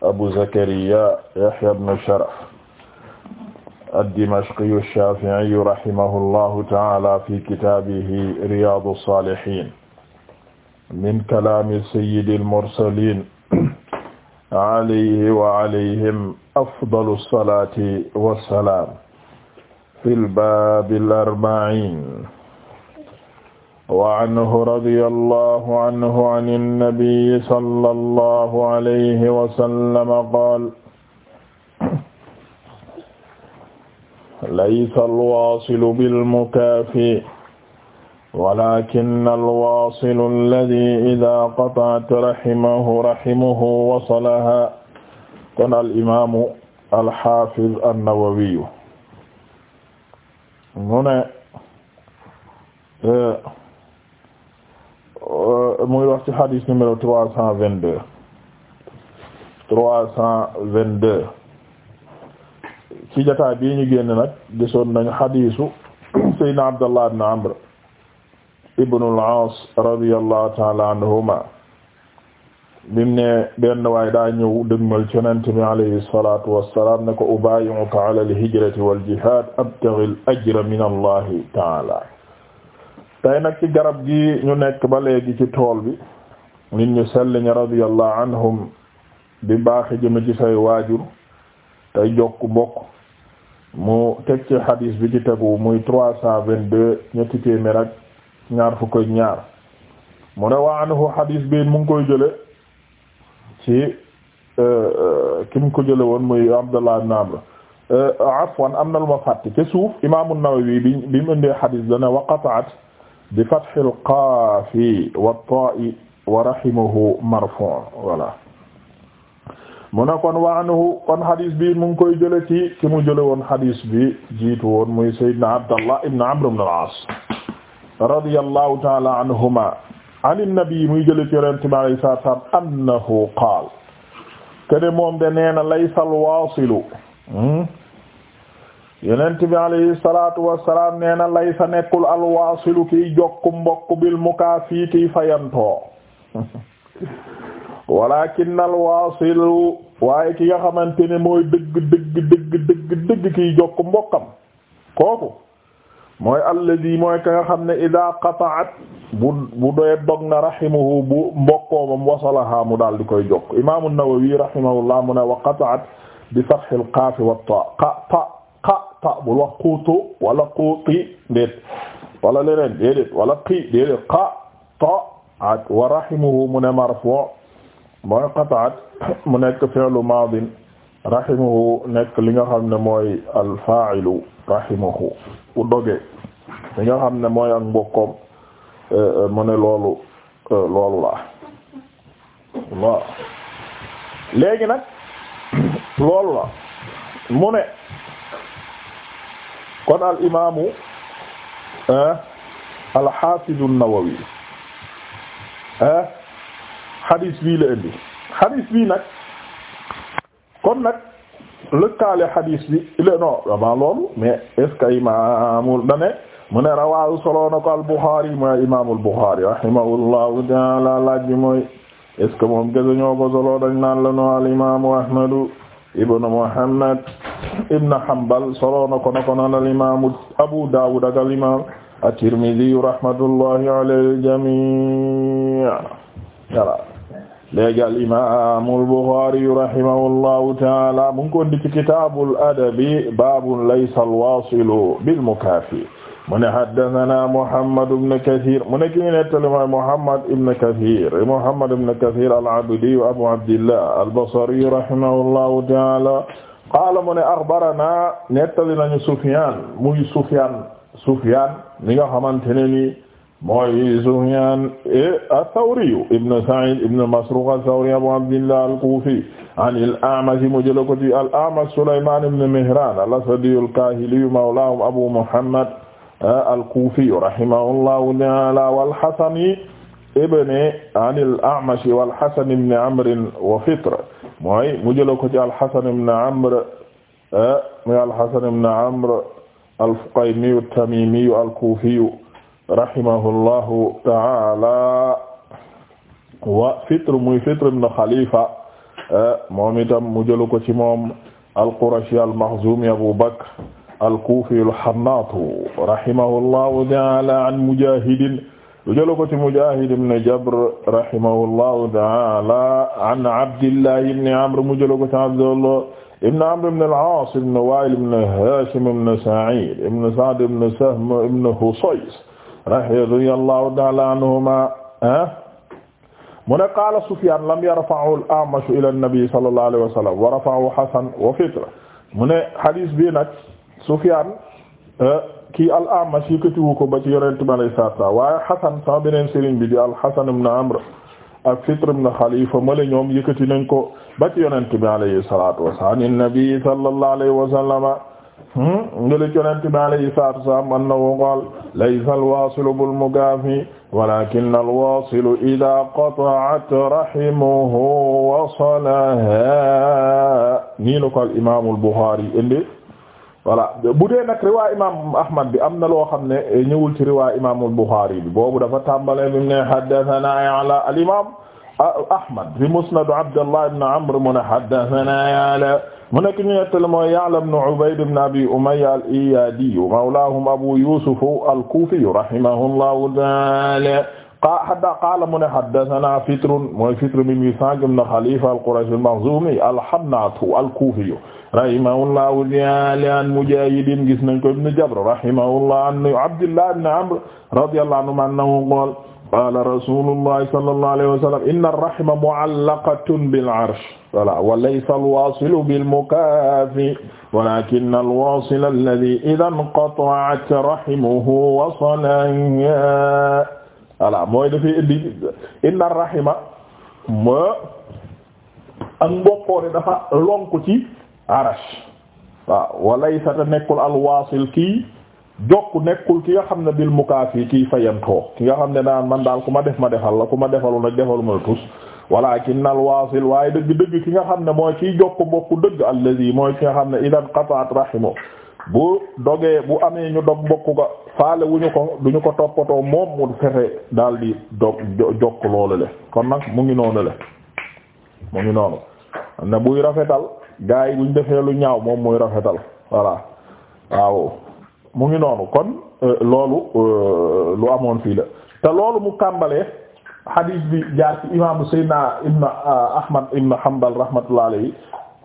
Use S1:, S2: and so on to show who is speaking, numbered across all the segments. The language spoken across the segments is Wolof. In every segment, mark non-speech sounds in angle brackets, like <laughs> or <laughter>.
S1: abu zakariya yahya ibn sharaf ad-dimashqiyu ash-shafi'iyu rahimahullahu ta'ala fi kitabihi riyadu as-salihin min kalami sayyidil mursalin alayhi wa alayhim afdalu as-salati was-salam fil babil arba'in wa anhu radiyallahu anhu an an-nabiyyi sallallahu alayhi wa sallam qaala laysa al-waasilu bil-mukaafi walaakinna al-waasilu alladhii idhaa qata'ta rahimahu rahimuhu wasalahaa kon al-imaamu al-haafiz an-nawawiyu mu ne eh, Euh, muy wax ci hadis numéro trois cent vingt deux trois cent vingt deux ci jotaay bii ñu génn nag gisoon nañu hadisu <coughs> Seydina Abdallah ibn Amr ibn al-Aas radiyallahu ta'ala anhuma bim ne benn waay daa ñëw dëgmal ci Yonent bi alayhi salatu wassalam ne ko ubayi'uka ala al-hijrati wal jihad abtaghi al-ajra min Allah ta'ala tey nag ci garab gi ñu nekk ba léegi ci tool bi nit ñu sell ñi radiyallahu anhum di baaxe jëme ci say waajur tey jokk mbokk mu teg ci xadiis bi ci tegu muy trois cent vingt-deux ñetti téeméer ak ñaar fukk ak ñaar mu ne wa anhu xadiis bi mu ngi koy jële ci euh, euh, ki mu ko jële woon muy Abdullah ibn Amr euh, afwan am na lu ma fàtte ca suuf Imaamu Nawawi bi bi mu indee xadiis dana waqataat bi fathil qaafi wa taa'i wa rahimahu marfu' voilà mu ne kon wa anhu kon hadis bi mu ngi koy jële ci ki mu jële woon hadis bi jiitu woon muy sayyidina Abdallah ibn Amr ibn al-As radiyallahu ta'ala anhuma an an-nabi muy jële ci Yonent bi alayhi salaatu wa salaam annahu qaal kene moom de nee na laysal waasilu hmm? yonent bi alayhi salaatu wassalaam nee na lay sa nekkul alwaasilu kiy jokk mbokk bil mukaafi kiy fayantoo <laughs> walakin alwaasilu waaye ki nga xamante ne mooy dëgg dëgg dëgg dëgg dëgg kiy jokk mbokkam kooku mooy alladi mooy ka nga xam ne ida qata'at bu bu doye dog na rahimahu bu mbokkoomam wasalaha mu daal di koy jokk imaamu Nawawi rahimahullah mu ne wa qata'at bi fathil qaaf wa ta xa xa bul wax xuutu wala xuuti déet wala leneen déedéet wala xi déedéet xa ta at wa rahimuhu mu ne marfo mooy qataat mu nekk fi'lu maadin rahimuhu nekk li nga xam ne mooy alfa'ilu rahimuhu u doge li nga xam ne mooy ak mbokkoom euh, mu ne loolu euh, loolu la waaw léegi <coughs> loolu la mu ne kon al imaamu ah, al xaafidu an-Nawawi hadis ah, bii la indi hadis bii nag kon nag lëkkaale hadis bi il est non avant loolu mais est-ce que imaamul mu ne rawaahu solo al Bukhari mooy imaamul Bukhari rahimahullahu ta'ala laaj bi mooy est-ce que moom gëstu ñoo ko solo dañ naan la al imaamu Ahmadu ibnu Muhammad ibn Hanbal solo na ko na ko noon al imaamu Abu Dawud ak al imaam at-Tirmidhi rahmatullahi alal jamii voilà léegi al imaamu al-Bukhari rahimahullahu taala mu ngi ko indi ci kitaabul adabi baabun laysa al-waasilu bil mukaafi mu ne haddathana Muhammad ibn Kathir mu ne ki ñu nettali mooy Muhammad ibn Kathir Muhammad ibn Kathir al-Abdi Abu Abdillah al-Basri rahimahullahu taala qaala mu ne axbarana nettali nañu Sufyaan muy Sufyaan Sufyaan mi nga xamante ne ni mooy Sufyaan e, as-Sawri ibn Sa'iid ibn Masruuq as-Sawri Abu Abdillah al-Kuufi an al-A'mash mu jëla ko ci al-A'mash Sulaymaan ibn Mihraan al-Asadi al-Kaahili mawlaahum Abu Muhammad e, al-Kuufi rahimahullahu ta'aala wal-Hasan ibn an al-A'mash wal-Hasan ibn Amr wa Fitr mooy mu jëla ko ci alxasan ibn amr eh, muy alxasan ibn amr alfuqaymiyu tamimiyu alkuufiyu rahimahullahu taala wa fitr muy fitr ibn xalifa eh, moom itam mu jëla ko ci moom alqurashi almaxzumi abu bakr alkuufiyu alxannaatu rahimahullahu taala an mujaahidin jëla ko ci Mujaahid ibn Jabr rahimahullahu ta'ala an Abdillah ibn Amr mu jëla ko ci Abdullah ibn Amr ibn al-Aas ibn Wa'il ibn Hashim ibn Sa'id ibn Sa'd ibn Sahm ibn Husays radiyallahu ta'ala anhuma ah. mu ne qaala Sufyaan lam yarfa'hu al-A'mash ila an-nabi sallallahu alayhi wa sallam wa rafa'ahu Hasan wa Fitra mu ne hadiis bi nag Sufyaan eh, kii al-Amash yëkkatiwu ko ba ci yonent bi alayhi salaatu salaam waaye Xassan sama beneen sëriñ bi di al-Xasan ibn Amr ak Fitr ibn Xalifa male ñoom yëkkati nañ ko ba ci yonent bi alayhi salaatu wa salaam an-nabi sallallahu alayhi wa sallama hmm, ngële yonent bi alayhi salaatu wa salaam annahu qaala laysa al-waasilu bil-mugaafi walaakinna al-waasilu idaa qata'at rahimuhu wasalahaa nii la ko al-imaam al-Buxaari indi voilà bu dee nag riwaa imam ahmad bi am na loo xam ne ñëwul ci riwaa imamul Bukhari bi boobu dafa tàmbale bi mu ne haddathana Ya'la al imam ahmad bi musnad Abdullah ibn Amr mu ne haddathana Ya'la mu nekk ñu nettale mooy Ya'la ibn Ubayd ibn Abi Umayya al-Iyadi mawlahum Abu Yusuf al-Kufi rahimahullahu ta'ala qaala mu ne haddathana Fitr mooy Fitr mi mi sànq na Khalifa al-Qurashi al-Makhzumi al-Hannatu al-Kufi rahimahullahu ta'ala an Mujaahid gis nañ ko ibn Jabr rahimahullah an Abdullah ibn Amr radiyallahu anhu annahu qaala qaala rasuulullahi sallallahu alayhi wa sallam inna ar-rahima mu'allaqatun bil 'arsh voilà wa laysa al-waasilu bil mukaafi walaakinna al-waasila alladhii idhaa inqata'at rahimuhu wasala voilà mooy dafay indi inna ar-rahima ma ak mbokkoore dafa lonku ci arash waaw walaysa te nekkul alwaasil kii jokk nekkul ki nga xam ne bil mukaafi kii fayantoo ki nga xam ne daan man daal ku ma def ma defal la ku ma defalu nag defalu ma la tus nal alwaasil waaye dëgg dëgg ki nga xam ne mooy kiy jokk bokku dëgg allazi mooy ki nga xam ne idan qataat rahimu bu dogee bu amee ñu dog mbokku ga faale wu ñu ko du ko toppatoo moom mu daal di dog jokk loolu le kon nag mu ngi noonu le mu ngi noonu ne buy rafetal gaa yi buñ defee lu ñaaw moom mooy rafetal voilà waaw mu ngi noonu kon euh, loolu euh, lu amoon fii la te loolu mu kàmbalee xadiis bi jaar ci imaamu Seydina Ibn euh, Ahmad Ibn Hanbal rahmatullah alayhi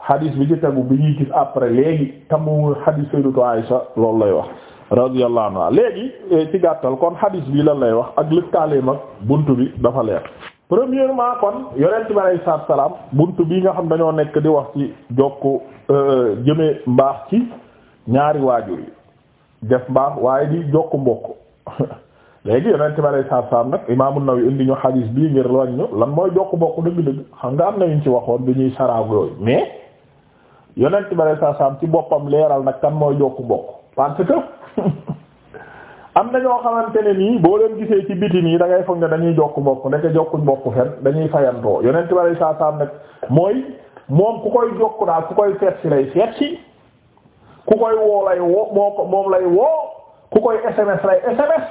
S1: xadiis bi ci tegu bi ñuy gis après léegi te mu xadiis Sayyidatu Aisha loolu lay wax radiyallahu anha léegi ci gàttal kon xadiis bi lan lay wax ak lëkkaaleem ak bunt bi dafa leer premièrement kon yonent bi alayhi salaam bunt bii nga xam dañoo nekk di wax ci jokku euh, jëme mbaax ci ñaari waajur yi def mbaax waaye di jokku mbokk <laughs> léegi yonent bi alayhi salaatu salaam nag Imaam An-Nawawi indi ñu xadiis bii ngir lañ ñu lan mooy jokku mbokk dëgg-dëgg xam nga am na ñu ci waxoon bi ñuy saraag yooyu mais yonent bi alayhi salaatu salaam ci boppam leeral nag kan mooy jokk mbokk parce <laughs> am na ñoo xamante ne nii boo leen gisee ci biti nii da ngay foog ne dañuy jokk mbokk nekk jokkuñ mbokk fen dañuy fayantoo yonent bari saa saam nag mooy moom ku koy jokk daal ku koy seet si lay seet si ku koy woo lay woo moo ko moom lay woo ku koy SMS lay SMS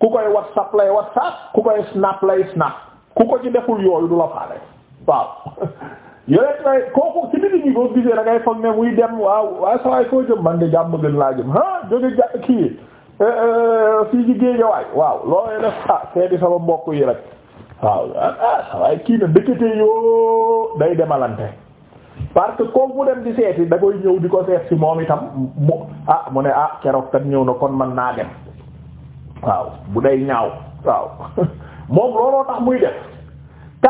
S1: ku koy WhatsApp lay WhatsApp ku koy Snap lay Snap ku ko ci deful yooyu du la faale waaw <laughs> yonent bari kooku ci biti nii boo gisee da ngay foog ne muy dem waaw waaye saa waay foo jëm man de jàmm gën laa jëm ah jóge ja Eh, eh, fii ci géejawaay waaw loolee def ah seeti sama mbokk yi rek waaw ah, ah kii na dëkkate yoo day demalante parce que kooku mu dem di seeti da koy ñëw di ko seet si moom itam mu ah, ne ah keroog kat ñëw na kon man naa dem waaw bu ñaaw waaw <laughs> moom looloo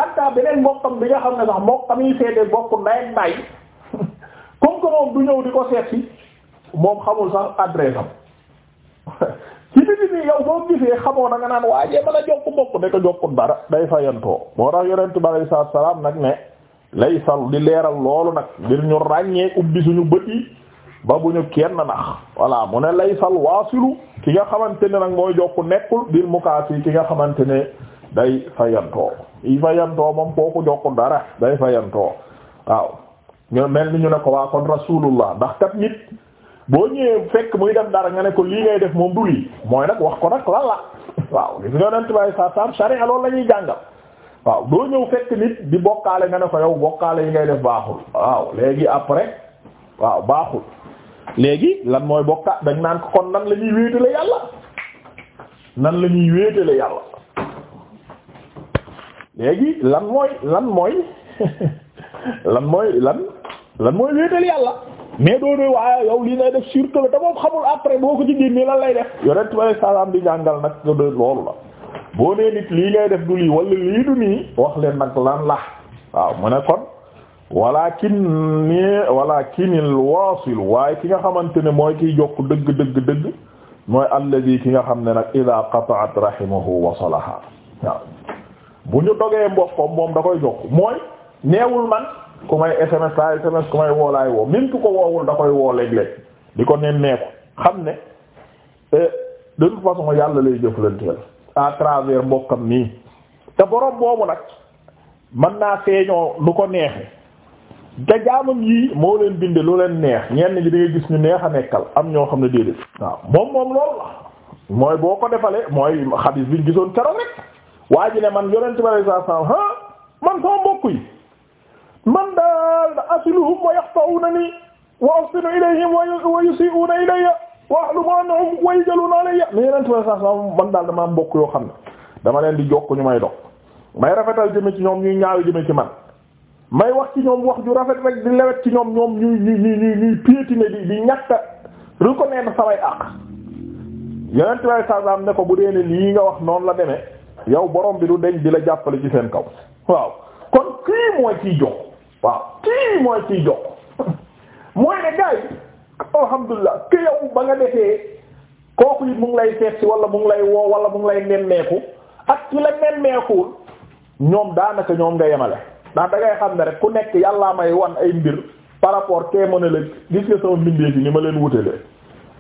S1: tax beneen mbokkam bi nga xam ne sax bokk nday nday comme di ko seet si moom xamul sax adresse am ci biti nii yow boo gisee xamoo na nga naan waajee mën a jokk mbokk da ko jokkut dara day fayantoo moo tax di leeral loolu nag ngir ñu bu ñu kenn nax voilà mu ki nga xamante ne nag mooy jokk nekkul bil ki nga xamante ne day fayantoo yi fayantoo moom kooku jokkut dara day fayantoo waaw ñu mel ni ñu ne ko waa kon rasulullah ndax kat nit boo ñëwee fekk muy def dara nga ne ko lii ngay def moom du lii mooy nag wax ko nag lan la waaw gis nga nent bay sa sam sharia loolu la ñuy jàngal waaw doo ñëw fekk nit bi bokkaale nga ne ko yow bokkaale yi ngay def baaxul waaw léegi après waaw baaxul léegi lan mooy bokka dañ naan ko kon nan la ñuy wéetale yàlla nan la ñuy wéetale yàlla léegi lan mooy lan mooy <laughs> lan mooy lan lan mooy wéetale yàlla mais doo doy waaye yow lii ngay def surtout la te moom xamul après boo ko ci génnee lan lay def yonent bi alei salaam di jàngal nag d loolu la boo nee nit lii ngay def du lii wala lii du nii wax leen nag lan la waaw mu ne kon walakin ni walakinil waasil waaye ki nga xamante ne mooy kiy jokk dëgg dëgg dëgg mooy alladi ki nga xam ne nag ida qata'at rahimahu wasalaha waaw bu ñu dogee mbokk moom da koy jokk mooy neewul man ku may SMS laay SMS ku may woo laay woo même ko woowul da koy woo léeg-léeg di ko nemmeeku xam ne eh, de toute façon yàlla lay jëflanteel à travers mbokkam nii te borom boobu nag man naa feeñoo lu ko neexee te jaamam yii moo leen binde lu leen neex ñenn ñi da gis ñu neex a nekkal am ñoo xam ne déedéet. waaw moom moom loolu la mooy boo ko defalee mooy xadis bi ñu gisoon keroog rek waa ji ne man yonent bi sallallahu alayhi wasallam man sama mbokk yi. man daal da asiluhum wa yaqta'unani wa ahsinu ilayhim wa yusi'una ilayya wa ahlumu anhum wa yajaluna alayya mais yeneen tubaab sax man daal damaa bokk yoo xam ne dama leen di jokk ñu may dox may rafetal jëme ci ñoom ñuy ñaaw jëme ci man may wax ci ñoom wax ju rafet rek di lewet ci ñoom ñoom ñuy ñuy ñuy ñuy piétiner di di ñàkk a reconnaître samay àq yeneen tubaab sax ne ko bu dee ne lii nga wax noonu la demee yow borom bi du deñ di la jàppale ci seen kaw waaw kon kii mooy ciy jox. waaw kii mooy ciy jokk mooy ne gars yi alhamdulilah ke yow ba nga defee kooku it mu ngi lay seet si wala mu ngi lay woo wala mu ngi lay nemmeeku ak ci la nemmeekuwul ñoom daanaka ñoom nga yemale ndax da xam ne rek ku nekk yàllaa may wan ay mbir par rapport kee mën a la gis nga sama mbindee bi ni ma leen wutalee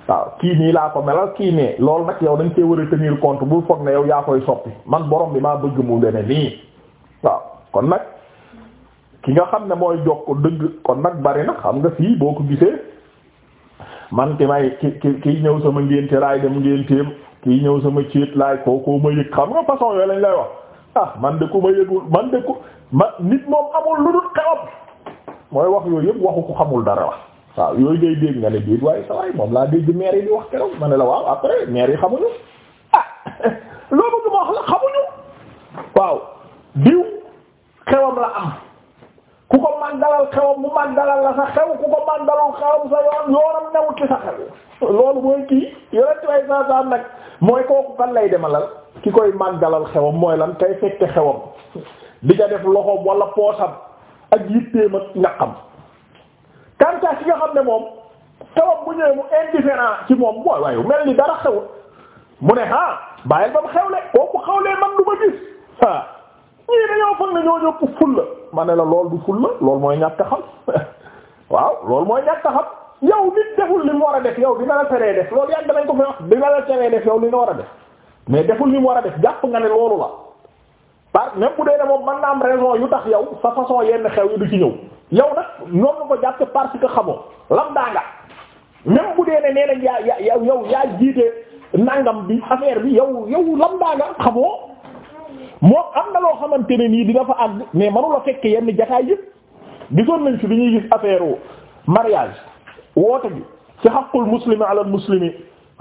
S1: waaw kii nii laa ko melal kii nee loolu nag yow dañ cee war a tenir compte bu foog ne yow yaa koy soppi man boroom bi maa bëgg mu dene nii ki nga xam ne mooy jokk dëgg kon nag bari na xam nga fii boo ko gisee man ki may ki ki kiy ñëw sama ngénte laay dem ngénteem kiy ñëw sama céet laay kookoo ma yëg xam nga façon yooyu lañ lay wax ah, man de ku ma yëgul de ku ma nit moom amul lu dul yëpp waxu ko xamul dara wax waaw yooyu dégg nga ne déet waaye sa waay moom laa dégg maire yi wax keroog ma ne la waaw après maire yi xamuñu ah <laughs> loolu bëgg ma wax la xamuñu waaw diw xewam la am ku ko màggalal xewam mu màggalal la sa xew ku ko màggalul xewam sa yoon yoonam newut ci sa xew loolu mooy kii yonent way saa saa nag mooy kooku kan lay demalal ki koy màggalal xewam mooy lan kay fekke xewam di nga def loxoom wala poosam ak yitteem ak am kanta ki nga xam ne moom xewam bu ñëwee mu indifférent ci moom mooy waaye mel ni dara xewut mu ne ah bàyyil ba mu xewle kooku xewlee man du ma gis ah ñii dañoo foog ne ñoo ñëpp fulla ma la lool du fulla loolu mooy ñàkk xam <laughs> waaw loolu mooy ñàkk xam yow nit deful li mu war a def yow dina la teree def loolu yàgg nañ ko fi wax dina la teree def yow li nga war a def mais deful li mu war a def jàpp nga ne loolu la par même bu dee ne moom mën na am raison yu tax yow sa façon yenn xew yi du ci ñëw yow nag noonu nga ko jàppe parce que xamoo lam daa nga même bu dee ne nee nañ yaa yaa yow yaa jiite nangam bi affaire bi yow yow lam moo am na loo xamante ne nii dina fa am mais mënu la fekk yenn jataay yëpp gisoon nañ si bi ñuy gis affaire mariage woote bi ci xaqul muslimi ala muslimi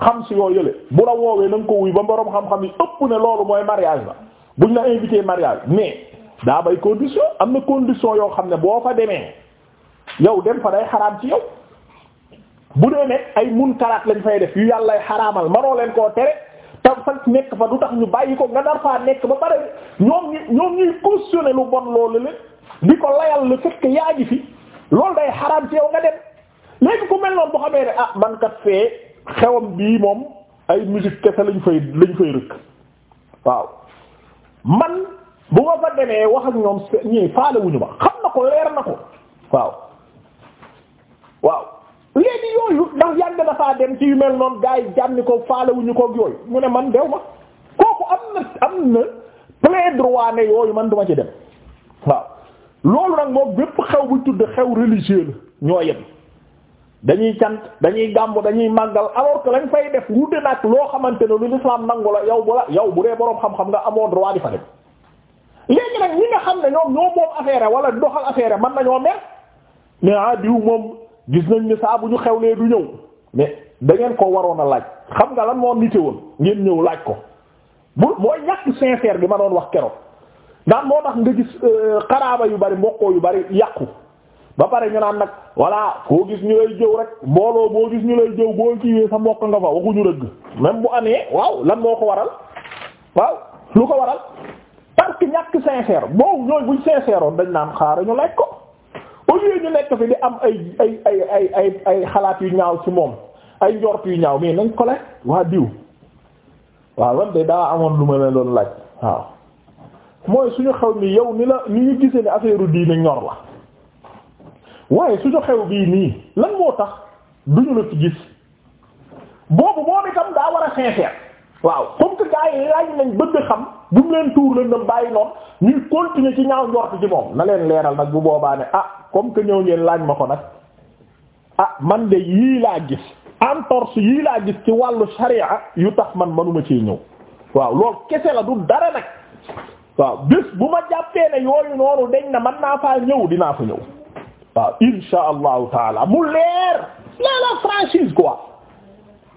S1: xam si yoo yële bu la woowee na ko wuy ba borom xam-xam yi ëpp ne loolu mooy mariage ba buñ la invité mariage mais daa bay condition am na condition yoo xam ne boo fa demee yow dem fa day xaraam ci yow bu dee ne ay mun munkaraat lañ fay def yu yàllay xaraamal manoo leen koo tere te fag nekk fa du tax ñu bàyyi ko nga dar faa nekk ba pare ñoom ñi ñoom ñuy cautionner lu bon loolu la di ko layal le fait que yaa ngi fi loolu day xaraam ci yow nga dem léegi ku mel noonu boo xamee ne ah man kat fee xewam bii moom ay musique kese lañ fay lañ fay rëkk waaw man bu ma fa demee wax ak ñoom ñii faale wuñu ma xam na ko leer na ko waaw waaw yooyu ndax yàgg dafaa dem ci yu mel noonu gars yi jànni ko ñu ko yooyu mu ne man dew ma kooku am na am na plein droit ne yooyu man duma ci dem waaw loolu nag moom bépp xew bu tudd xew religieux la ñoo yem dañuy cant dañuy gàmbu dañuy màggal alors que lañ fay def wuute nag loo xamante ne lu l'islam nangu la yow bu la yow bu dee boroom xam-xam nga amoon droit di fa dem léegi nag ñi nga xam ne ñoom ñoo moom affaire wala doxal affaire man nañoo mer mais ah gis nañ ni saa bu ñu xewlee du ñëw mais da ngeen ko waroon a laaj xam nga lan moo nite woon ngeen ñëw laaj ko bu mooy ñàkk sincère bi ma doon wax keroog ndax moo tax nga gis euh, xaraaba yu bari mbokkoo yu bari yàqu ba pare ñu naan nag walla foo gis ñu lay jëw rek mbooloo boo gis ñu lay jëw boo kiiwee sa mbokk nga fa waxuñu rëgg même bu amee waaw lan moo ko waral waaw lu ko waral parce que ñàkk sincère boobu ñooy buñ sincère dañ naan xaar ñu laaj ko. au lieu ñu nekk fi di am ay ay ay ay xalaat yu ñaaw ci moom ay njort yu ñaaw mais nañ ko waa diw waaw wante daa amoon lu ma leen doon laaj waaw mooy suñu xew ni yow ni la ni ñu gisee ni affaire diine ñor la waaye suñu xew bii nii lan moo tax duñu la ci gis boobu moom itam daa war a sincère waaw comme que yi laaj nañ bëgg xam. bu mu leen tuur leen bàyyi noonu ñuy continuer ci ñaaw njort ci moom na leen leeral nag bu boobaa ne ah comme que ñëw ngeen laaj ma ko nag ah man de yii laa gis entorse yii laa gis ci wàllu sharia yu tax man manuma ci ñëw waaw loolu kese la du dara nag waaw bés bu ma jàppee ne yooyu noonu deñ na man naa faa ñëw dinaa fa ñëw waaw insha allahu taala mu leer la la franchise quoi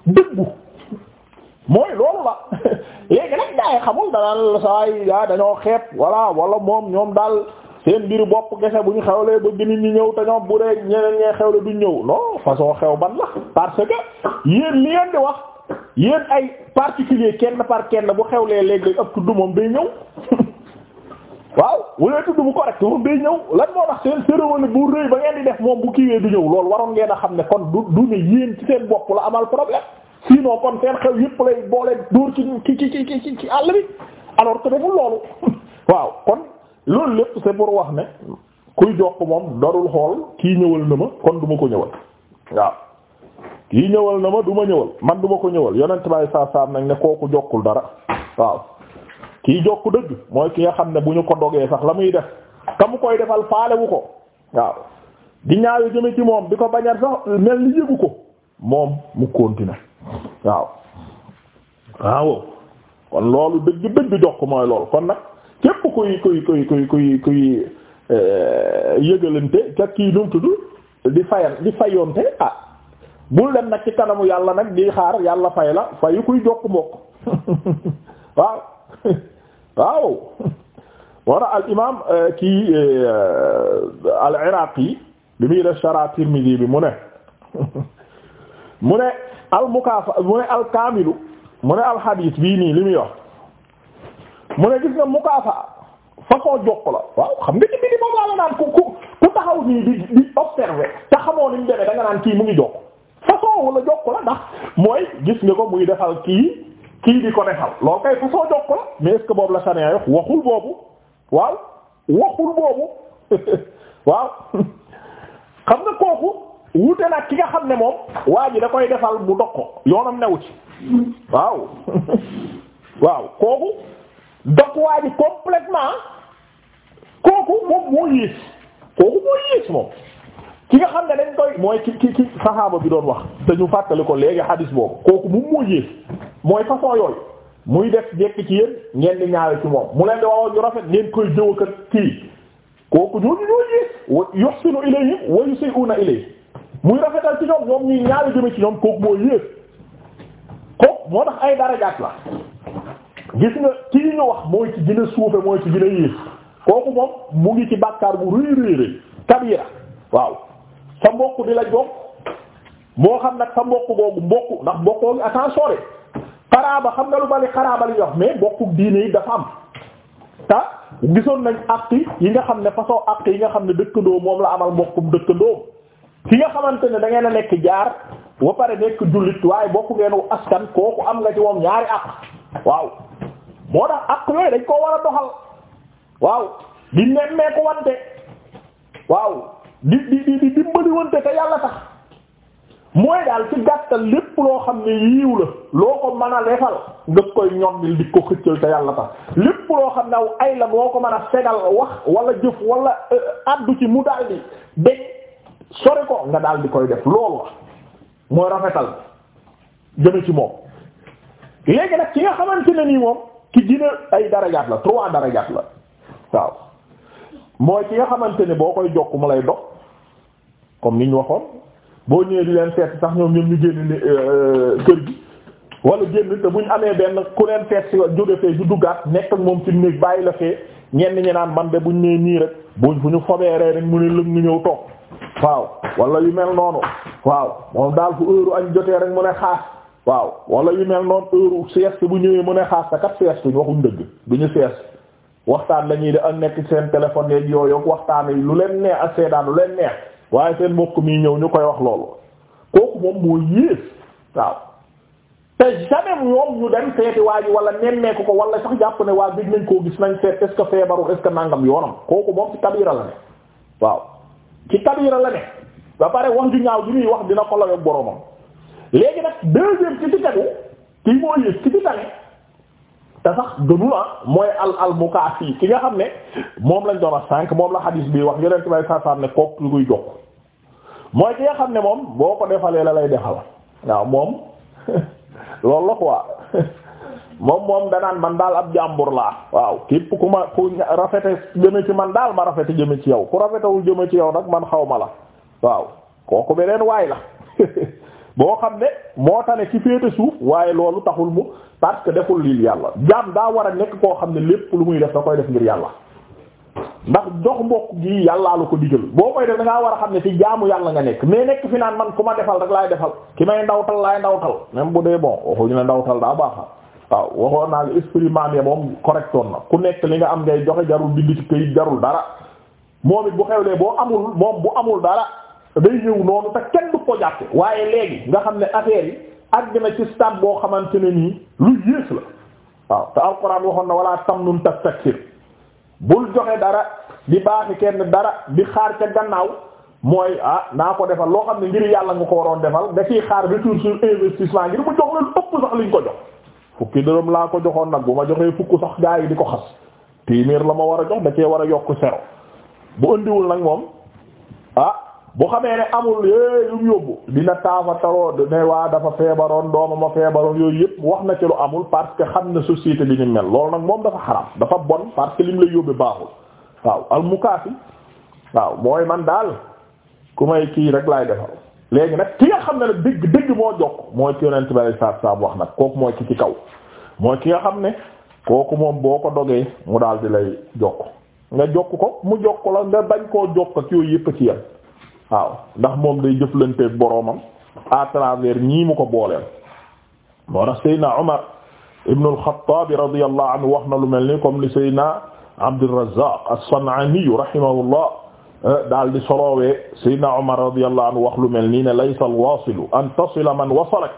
S1: dëggu mooy loolu la <laughs> léegi nag gaa yi xamul danaan saa yi dañoo xeeb voilà wala moom ñoom daal seen biir bopp gese bu ñu xewlee ba gën ñi ñëw te ñoom bu dee ñeneen ñee ñëw non façon xew ban la parce que yéen li ngeen di wax yéen ay particulier kenn par kenn bu xew xewlee léegi ëpp tudd moom day ñëw <laughs> waaw wala tudd bu correct moom day ñëw lan moo tax seen cérémonie bu rëy ba ngeen di def moom bu kiiwee du ñëw loolu waroon ngeen a xam ne kon du du ne yéen ci seen bopp la amal problème. sinon kon seen xew yëpp lay boole dóor ci ci ci ci ci ci àll bi alors que deful loolu <laughs> waaw kon loolu lépp c'est pour wax ne kuy jokk moom darul xool kii ñëwal na ma kon du ma ko ñëwal waaw ñëwal na ma du ma man duma ko ñëwal yonent baay saa saa nag ne kooku jokkul dara waaw kii jokku dëgg mooy ki nga xam ne bu ñu ko dogee sax la muy def ka mu koy defal faalewu ko waaw di ñaaw jëme ci moom di ko bañal sax mel ni yëgu ko moom mu continuer waaw waaw kon loolu dëgg dëgg jox mooy loolu kon nag képp kuy kuy kuy kuy kuy kuy eh, yëgalante ca kii nu mu di fayal di fayonte ah bul dem nag ci kanamu yàlla nag di xaar yàlla fay la fayu kuy jokk mbokk <laughs> waaw waaw wara al imam eh, kii eh, al iraqi bi muy def shara Tirmidhi bi mu ne <laughs> mu ne al mukaafa mu ne al kaamilu mu ne al xadiis bii nii li mu wax mu ne gis nga mukaafa façon jokk la waaw xam nga ci biir la naan ku mu demee da nga naan wala jokk ndax mooy gis nga ko kii kii di ko defal loolu kay façon jokk la mais est boobu la sànnee waaw <laughs> <laughs> xam nga kooku. wute nag ki nga xam ne moom waa ji da koy defal mu dog ko yoonam newu ci waaw <laughs> waaw kooku dog waa ji complètement kooku moom moo yées kooku moo yées moom ki nga xam ne dañ koy mooy ki ki ki saxaaba bi doon wax te ñu fàttali ko léegi xadis boobu kooku moom moo yées mooy façon yooyu muy def jekk ci yéen ngeen di ñaawe ci moom mu leen di waxoon ñu rafet ngeen koy jëw ak kii kooku ñu ñoo yées wa yuhsinu ilayhim wa yusi'una ilayhim muy rafetal ci ñoom ñoom ñuy ñaari jëme ci ñoom kook moo yées kooku moo tax ay darajaat la gis nga ci li ñu wax mooy ci gën suufe mooy ci gën a kooku moom mu ngi ci bàkkaar bu rëy rëy rëy kabira waaw sa mbokk di la jokk moo xam nag sa mbokk googu mbokk ndax mbokkoo gi attention de xaraaba xam nga lu bari xaraaba li ñu wax mais mbokku diine yi dafa am ta gisoon nañ acte yi nga xam ne façon acte yi nga xam ne dëkkandoo moom la amal mbokkum dëkkandoo ki nga xamante ne dangeen ngeen a nekk jaar ba pare nekk jullit waaye bokk ngeen askan kooku am nga ci moom ñaari àq waaw moo tax àq yooyu dañ koo war a doxal waaw di nemmeeku wante waaw di di di di dimbali wante te yàlla tax mooy daal ci gàttal lépp loo xam ne yiiw la loo ko mën a lefal nga koy ñoŋil di ko xëccal te yàlla tax lépp loo xam ne aw ay la ko mën a fegal wax wala jëf wala euh, addu ci mu daal di sore ko nga daal di koy def loolu la mooy rafetal jëme ci moom léegi nag ci nga xamante ne nii moom ki dina ay darajaat la trois darajaat la waaw mooy ci nga xamante ne boo koy jokk mu lay dox kom ni ñu waxoon boo ñëwee di leen seet sax ñoom ñoom ñu génn ni euh, kër gi wala génn te bu ñu amee benn ku leen seet si jóge fee ju duggaat nekk moom ci néeg bàyyi la fee ñenn ñi naan man de buñ nee nii rek buñ fu ñu fobeeree rek mu ne lëm ñu ñëw toog waaw wala yu mel noonu waaw moom daal fu heure añ jotee rek mu ne xaas waaw wala yu mel noonu heure sieste bu ñëwee mu ne xaas te kat sieste ñu waxuñ dëgg du ñu sieste waxtaan la ñuy de ak nekk seen téléphone yeeg yooyu waxtaan yi lu leen neex ak seedaan lu leen neex waaye seen mbokk mi ñëw ñu koy wax loolu kooku moom moo yées waaw te jamais ñoom ñu dem seeti waa ji wala nemmeeku ko wala sax jàpp ne waa gis nañ koo gis nañ seet est-ce que feebaru est-ce que nangam yoonam kooku moom ci ci kabira la ne ba pare wax ju ñaaw ju ñuy wax dina ko lawe boromam léegi nag deuxième ci ci tegu kii moo yëg ci ci tane te sax gënu la ah, mooy al al mukaasi ki nga xam ne moom lañ doon a moom la xadiis bii wax yeneen ki may saasaan ne kook lu koy jokk mooy ki nga xam ne moom boo ko defalee la lay defal waaw moom <laughs> loolu la quoi moom moom danaan man daal ab jàmbur laa waaw képp ku ma ku rafete jëme ci man daal ma rafete jëme ci yow ku rafetewul jëme ci yow nag man xaw ma la waaw kooku beneen waay la <laughs> boo xam ne moo tax ne ci féete suuf waaye loolu taxul mu parce que deful lii yàlla jaam daa war a nekk koo xam ne lépp lu muy def da koy def ngir yàlla ndax jox mbokk gi yàllaa la ko digal boo koy def da ngaa war a xam ne ci jaamu yàlla nga nekk mais nekk fi naan man ku ma defal rek laay defal ki may ndawtal laay ndawtal même bu dee bon waxuñu la ndawtal daa baaxa waaw waxoon naa la esprit maam ya moom correctoon na ku nekk li nga am ngay joxe jarul bind ci këyit jarul dara moom it bu xewlee boo amul moom bu amul dara day ñëw noonu te kenn du ko jàppe waaye léegi nga xam ne affaire yi àgg na ci stade boo xamante ne nii lu yées la waaw te alxuraan waxoon na wala tamnun tastakthir bul joxe dara di baaxi kenn dara di xaar ca gannaaw mooy ah naa ko defal loo xam ne ngir yàlla nga ko waroon defal da ciy xaar retour liñ ko jox. fukki dërëm laa ko joxoon nag bu ma joxee fukk sax gaa yi di ko xas téeméer la ma war a jox da cee war a yokk sero bu andiwul nag moom ah bu xamee ne amul yé eh, yum yóbbu dina taafataloo ne waa dafa feebaroon dooma ma feebaroon yooyu yëpp wax na ci lu amul parce que xam na société bi ñu mel loolu nag moom dafa xaram dafa bon parce que lim lay yóbbe baaxul waaw almukaafi waaw mooy man daal ku may kii rek laay defal léegi nag ki nga xam ne nag dëgg moo jokk mooy ci yonent bi saa saam wax nag kooku mooy ci kaw mooy ki nga xam ne kooku moom boo ko dogee mu daal di lay jokk nga jokk ko mu jokk la nga bañ koo jokk ak yooyu yëpp ci yam waaw ndax moom day jëflanteeg boroomam à travers ñii mu ko booleel. moo tax Seydina Omar ibn al-Khattab wax na lu mel ni comme ni Seydina Abdur Razzaq as-San'ani rahimahullah daal di soloowee sayyidina Umar radiyallahu anhu wax lu mel nii ne laysa al-wasilu an tasila man wasalak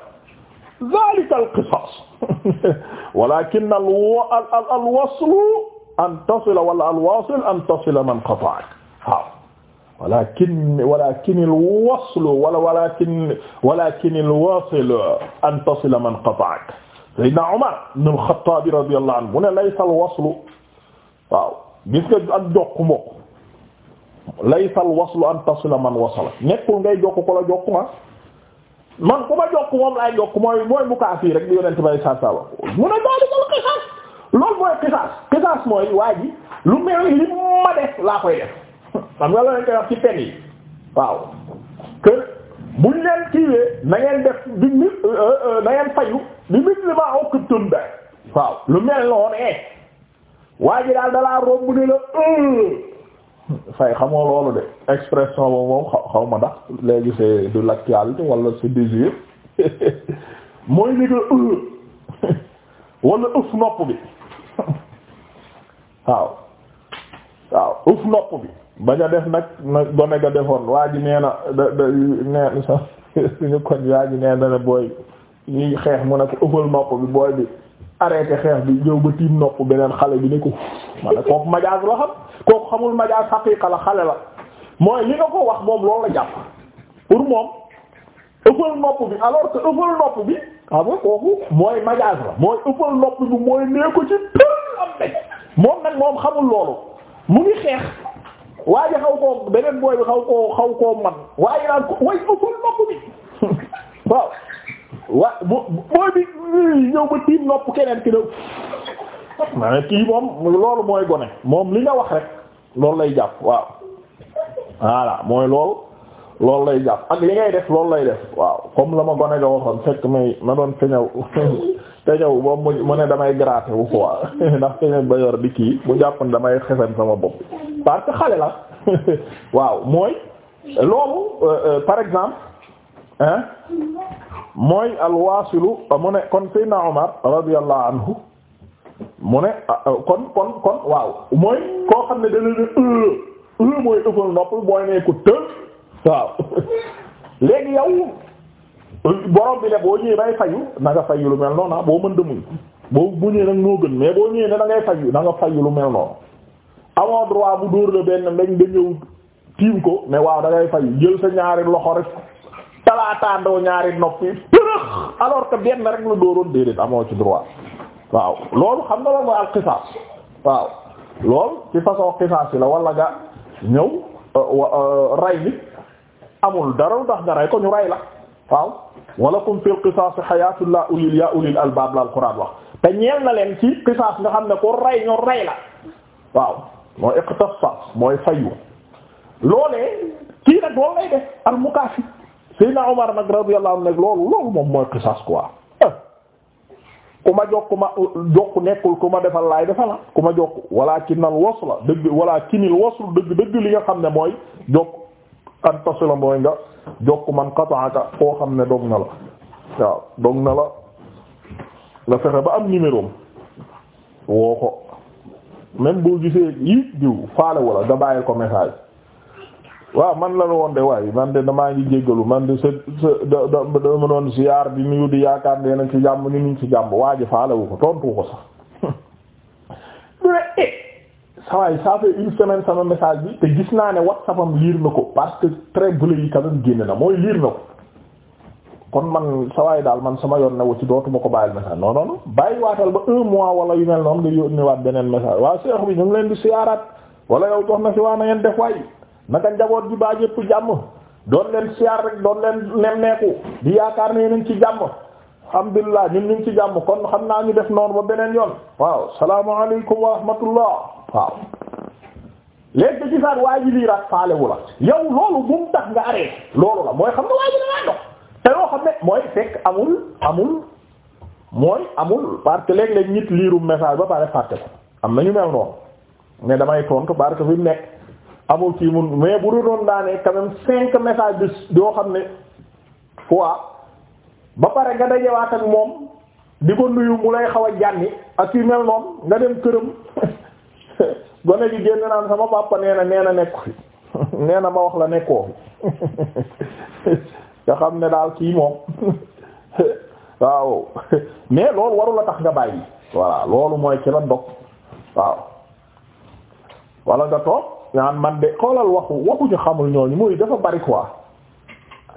S1: zalika al-qisas <laughs> walakin al-waslu an tasila wala al-wasil an tasila man qata'ak waaw walakin walakin al-waslu wala walakin walakin al-wasil an tasila man qata'ak sayyidina Umar ibn al-Khattab radiyallahu anhu mu ne laysa al-waslu waaw gis nga ak jokk mbokk laysal waslu an tasila man wasala nekkul ngay jokk ko la jokk ma man ku ma jokk moom laay jokk mooy mooy bu kaafii rek di yonent bay saa saa wax mu ne daalikal lu mel li ma def laa koy def xam nga la leen koy ci pen yi waaw kër buñ leen kiiwee na ngeen def bi mit euh, euh, na ngeen fayu bi mit li ma occuptoon day waaw lu mel noonu ee eh. waa ji daal dalaa romb ne la euh. fay xamoo loolu de expression boobu moom xaw ma ndax léegi c'est de l'actualité wala c'est désir <laughs> mooy li nga euh, <laughs> wala nopp bi <laughs> waaw waaw ëf bi bañ def nag na gone ga defoon waa ji nee na da da neen nee na ne booy ñuy xeex mu ne ko ëffal nopp bi booy bi arrêté xeex bi ñëw ba tiim nopp beneen xale bi ne ko kooku majaas la xam kooku xamul majaas xaqiiqa la xale la mooy li nga ko wax moom loolu la jàpp pour moom ëppal nopp bi alors que ëppal nopp bi xam nga kooku mooy majaas la nee ko ci moom nag moom xamul loolu mu ngi xeex waaye xaw koo beneen booy bi xaw ko xaw koo man waaye naan ko way ëppal nopp bi <laughs> waaw wa booy bi ñëw ba tiim nopp keneen ki ne ma ne kii moom loolu mooy gone moom li nga wax rek loolu lay jàpp waaw voilà mooy loolu loolu lay jàpp ak li ngay def loolu lay def waaw comme la ma gone ga waxoon fekk may ma doon feñaw <laughs> feñaw boobu mu ne damay gratter wu quoi <laughs> yor di kii mu jàpp ne damay xesan sama bopp parce xale la <laughs> waaw mooy loolu euh, euh, par exemple hein mooy alwaasilu mu ne kon Seydina Omar radiyallahu anhu mu ne ah, ah, kon kon kon waaw mooy koo xam ne da leen ne euh, euh, mooy ëffal nopp mooy ne ko të waaw <laughs> léegi yow euh, borom bi ne boo ñëwee bay fayu na nga fayu lu mel noonu ah, boo mën da muñ boo muñee nag moo gën mais boo ñëwee ne da ngay fayu na nga fayu lu mel noonu amoo droit bu dóor la benn mbeñ nga ñëw tiim ko mais waaw da ngay fayu jël sa ñaari loxo rek talaataandoo ñaari nopp yi alors que benn rek la dóoroon déedéet amoo ci droit waaw loolu xam nga loolu mooy al qisaas waaw loolu ci façon qisaas yi la wala nga ñëw euh, euh, ray bi amul dara lu tax nga ray ko ñu ray la waaw walakum fil qisaas xayaatun la ulil ya ulil albaab la al quraan wax te ñeel na leen ci qisaas nga xam ne ko ray ñu ray la waaw mooy iqtisas mooy fayu loolee kii nag loolu lay def al mukaafi Seydina Omar nag radiyallahu anhu loolu loolu mooy qisaas quoi ku ma jokk ma jokk nekkul ku ma defal laay defal la ku ma jokk walaakinal la dëgg walaakinil waslu dëgg dëgg li nga xam ne mooy jokk an tasila mooy nga jokk man qata'aka koo xam ne dog na la waaw dog na la nga fexe ba am numéro woo ko même boo gisee yi diw faale wala nga bàyyi ko message waaw man la woon de waaye man de damaa ngi jéggalu man de sa da da dama doon ziar di nuyu di yaakaar ne nañ ci jàmm ni nuñ ci jàmm waa ji faalewu ko tontu ko sax <laughs> du ne eh une semaine sama message bi te gis naa ne WhatsApp am liir na ko parce que très bleu yi quand même na mooy liir na ko kon man sawaay daal man sama yoon ne wu ci ko bàyyil message non non non bàyyi waatal ba un mois wala yu mel noonu nga yónni waat beneen message waaw Cheikh bi ñu ngi leen waay. naka njaboot gi baa yëpp jàmm doon leen siyaar rek doon leen nemmeeku di yaakaar ne nañ ci jàmm alhamdulillah ñun ñu ngi ci jàmm kon xam naa ñu def noonu ba beneen yoon waaw salaamaaleykum wa rahmatullah waaw léegi ci saat waa ji lii rak faalewu la yow loolu bu mu tax nga arrêté loolu la mooy xam nga waa ji la dox te yoo xam ne mooy fekk amul amul mooy amul parce que léeg-léeg nit liirum message ba pare fàtte ko am na ñu mel noonu mais damay tontu parce que fi nekk amul kii mun mais bu dul doon daanee quand cinq messages de xam ne fois ba pare nga dajewaat ak moom di ko nuyu mu lay xaw a jànni ak yu mel noonu nga dem këram <laughs> gone gi génn naan sama papa nee na nee na nekk <laughs> wax la nekkoo <laughs> nga xam ne daal kii moom waaw mais loolu waru la tax nga bàyyi voilà loolu mooy ki la ndog waaw wala nga toog. naan man de xoolal waxu waxu ñu xamul ñooñu mooy dafa bari quoi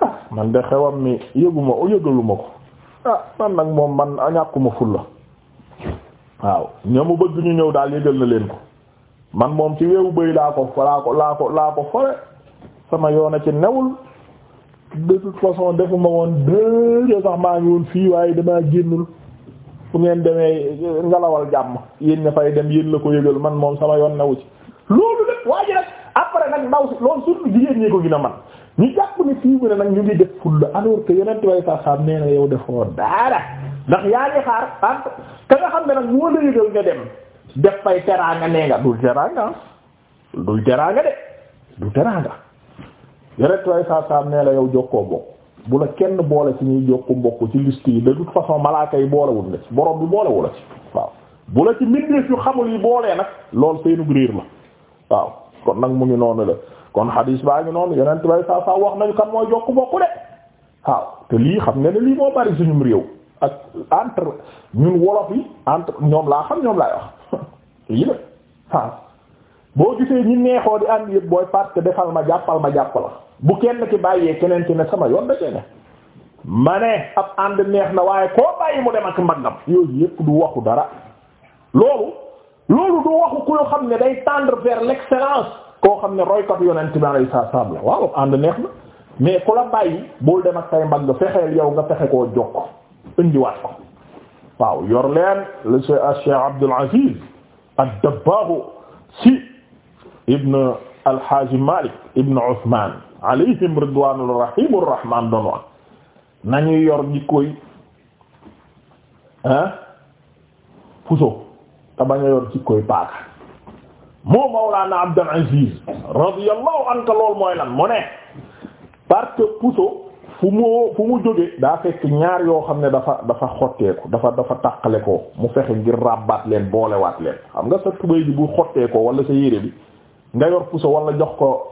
S1: ah man de xewam mi yëguma yëgaluma ko ah man nag moom man ñàkkuma fulla waaw ñamu bëgg ñu ñëw daal yëgal na leen ko man moom ci weewu bëy laa ko laa ko laa ko laa ko fole sama yoona ci newul de toute façon defuma woon dëre sax maa ngi woon fii waaye damaa génnul fu ngeen demee ngalawal jàmm yéen nga fay dem yéen la ko yëgal man moom sama yoon newu ci loolu lépp waa ji après nag ndaw si loolu surtout jigéen ñi ko gën man ñu jàpp ni fii mu ne nag ñu ngi def fulla alors que yeneen way sa xam nee yow defoo ndax yaa ngi xaar ah ka nag moo la yëgal nga dem def fay teraanga nee nga dul teraanga ah dul teraanga de du teraanga yeneen way sa xam nee la yow jokkoo bokk bu la kenn boole ci ñuy jokku mbokk ci liste yi de toute façon malaaka yi boolewul la ci borom bi boolewul la ci waaw bu la ci mbindeef yu xamul yi boolee nag loolu seenug réer waaw kon nag mu ngi noonu la kon xadiis baa ngi noonu yeneen bay saa saa wax nañu kan mooy jokk bokku de waaw te lii xam nga ne lii moo bari suñum réew ak entre ñun wolof yi entre ñoom laa xam ñoom laay wax <laughs> lii boo gisee ñi neexoo di ànd yëpp booy parce que defal ma jàppal ma jàpp la bu kenn ki bàyyee keneen ki ne sama yoon da cee ne ma ne ab ànd neex na waaye koo bàyyi mu dem ak mbaggam yooyu yëpp du waxu dara loolu loolu du waxu ku yoo xam ne day tendre vers l'excellence koo xam ne roy yonent bi alayhi salaam la waaw ànd neex na mais ku la bàyyi bul dem ak say mbagg fexeel yow nga fexe koo jokk indiwaat ko yor leen le Cheikh Abdul Aziz ad-Dabbagh Sy ibn al-Hajj Malik ibn Uthman alayhim ridwanur rahimur rahman doon wax nañuy yor jikkoy ah puso te bañ a yor ci koy paaka moo Mawlana Abdul Aziz radiyallahu anhu lool mooy lan mu ne parce puso fu mu fu mu jóge daa fekk ñaar yoo xam ne dafa dafa xotteeku dafa dafa tàqale ko mu fexe ngir ràbbaat leen boolewaat leen xam nga sa tubéy bi bu xotteekoo wala sa yére bi nga yor puso wala jox ko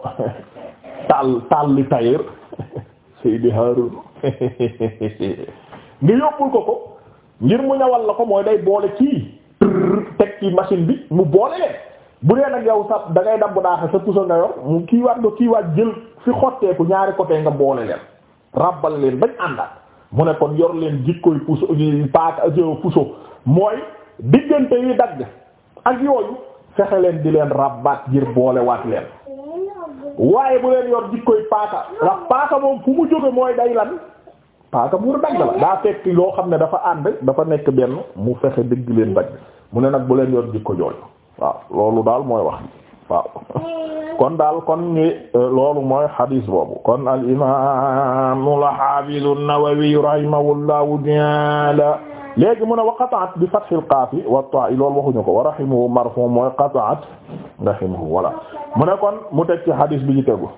S1: <laughs> taal taal li tailleur <laughs> Seydi Haroun <laughs> nga yóbbul ko ko ngir mu ñawal la ko mooy day boole kii ci machine bi mu boole leen bu dee nag yow sa da ngay dabb daaxe sa puso nga yor mu kiiwaat nga kiiwaat jël fi xotteeku ñaari côté nga boole leen rabbal leen bañ àndaat mu ne kon yor leen jikkoy puso euh, paaka euh, puso mooy diggante yi dagg ak yooyu fexe leen di leen rabbaat ngir boolewaat leen waaye bu leen yor jikkoy paaka la paaka moom fu mu jóge mooy day lan paaka buur ah daa fekk loo xam ne dafa ànd dafa nekk benn mu fexe dëgg leen dagg mu ne nag bu leen yor jikko jooy waaw loolu daal mooy wax waaw hmm. kon daal kon ni euh, loolu mooy xadiis boobu kon al imaamul xaafizu an-Nawawi rahimahullahu ta'ala léegi mu ne wa qata'at bi fathil qaafi wa ta'i loolu waxuñu ko wa rahimahu marfu mooy qata'at rahimahu wala mu ne kon mu teg ci xadiis bi ci tegu